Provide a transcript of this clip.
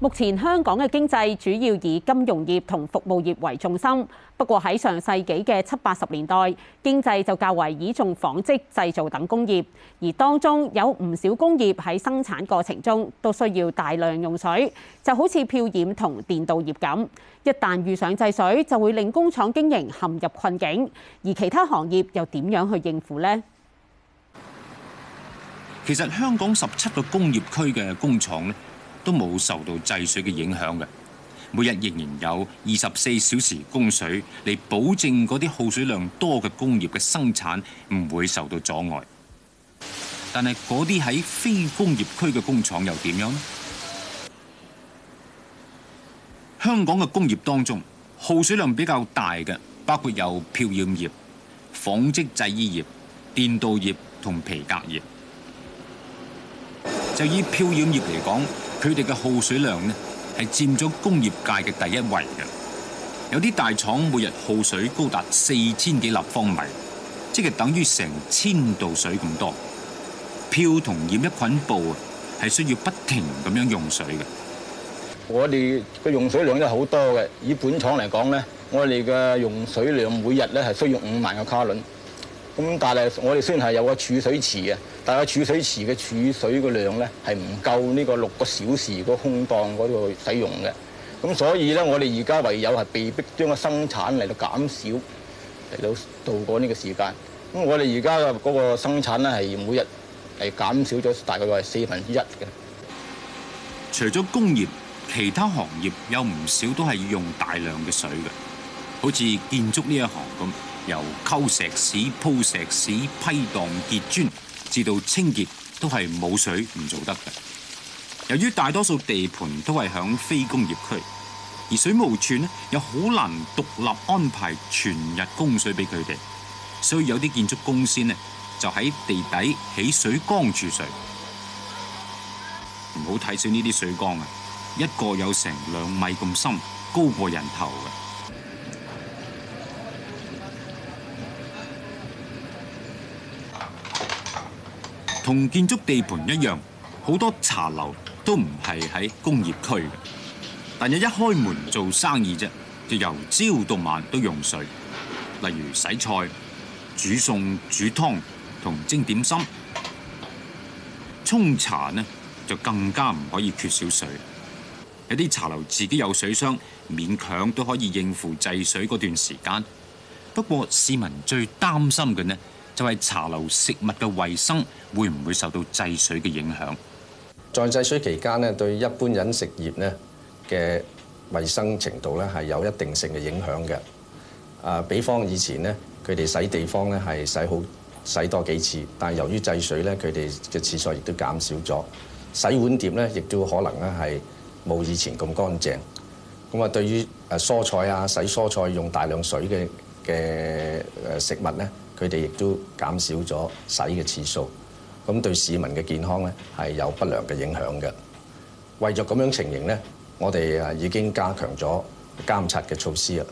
目前香港嘅經濟主要以金融業同服務業為重心，不過喺上世紀嘅七八十年代，經濟就較為倚重紡織、製造等工業，而當中有唔少工業喺生產過程中都需要大量用水，就好似漂染同電鍍業咁。一旦遇上制水，就會令工廠經營陷入困境，而其他行業又點樣去應付呢？其實香港十七個工業區嘅工廠咧，都冇受到制水嘅影響嘅，每日仍然有二十四小時供水嚟保證嗰啲耗水量多嘅工業嘅生產唔會受到阻礙。但係嗰啲喺非工業區嘅工廠又點樣呢？香港嘅工業當中耗水量比較大嘅，包括有漂染業、紡織製衣業、電鍍業同皮革業。就以漂染業嚟講。佢哋嘅耗水量呢，係佔咗工業界嘅第一位嘅。有啲大廠每日耗水高達四千幾立方米，即係等於成千度水咁多。漂同染一捆布啊，係需要不停咁樣用水嘅。我哋嘅用水量都好多嘅，以本廠嚟講咧，我哋嘅用水量每日咧係需要五萬個卡輪。咁但係我哋雖然係有個儲水池啊，但係儲水池嘅儲水個量咧係唔夠呢個六個小時個空檔嗰度使用嘅。咁所以咧，我哋而家唯有係被迫將個生產，嚟到減少，嚟到度過呢個時間。咁我哋而家嘅嗰個生產咧係每日係減少咗大概係四分之一嘅。除咗工業，其他行業有唔少都係要用大量嘅水嘅，好似建築呢一行咁。由溝石屎、鋪石屎、批蕩結磚，至到清潔都係冇水唔做得。由於大多數地盤都係響非工業區，而水務處呢又好難獨立安排全日供水俾佢哋，所以有啲建築工先呢就喺地底起水缸注水。唔好睇少呢啲水缸啊，一個有成兩米咁深，高過人頭嘅。同建築地盤一樣，好多茶樓都唔係喺工業區，但係一開門做生意啫，就由朝到晚都用水。例如洗菜、煮餸、煮湯同蒸點心，沖茶呢就更加唔可以缺少水。有啲茶樓自己有水箱，勉強都可以應付制水嗰段時間。不過市民最擔心嘅呢，就係茶樓食物嘅衛生會唔會受到制水嘅影響？在制水期間咧，對一般飲食業咧嘅衛生程度咧係有一定性嘅影響嘅。啊，比方以前咧，佢哋洗地方咧係洗好洗多幾次，但係由於制水咧，佢哋嘅廁所亦都減少咗，洗碗碟咧，亦都可能咧係冇以前咁乾淨。咁啊，對於誒蔬菜啊，洗蔬菜用大量水嘅嘅誒食物咧。佢哋亦都減少咗洗嘅次數，咁對市民嘅健康咧係有不良嘅影響嘅。為咗咁樣情形咧，我哋誒已經加強咗監察嘅措施啦。